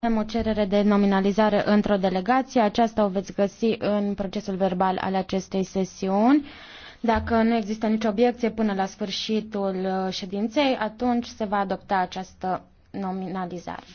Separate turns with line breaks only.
Avem o cerere de nominalizare într-o delegație. Aceasta o veți găsi în procesul verbal al acestei sesiuni. Dacă nu există nicio obiecție până la sfârșitul uh, ședinței, atunci se va adopta această nominalizare.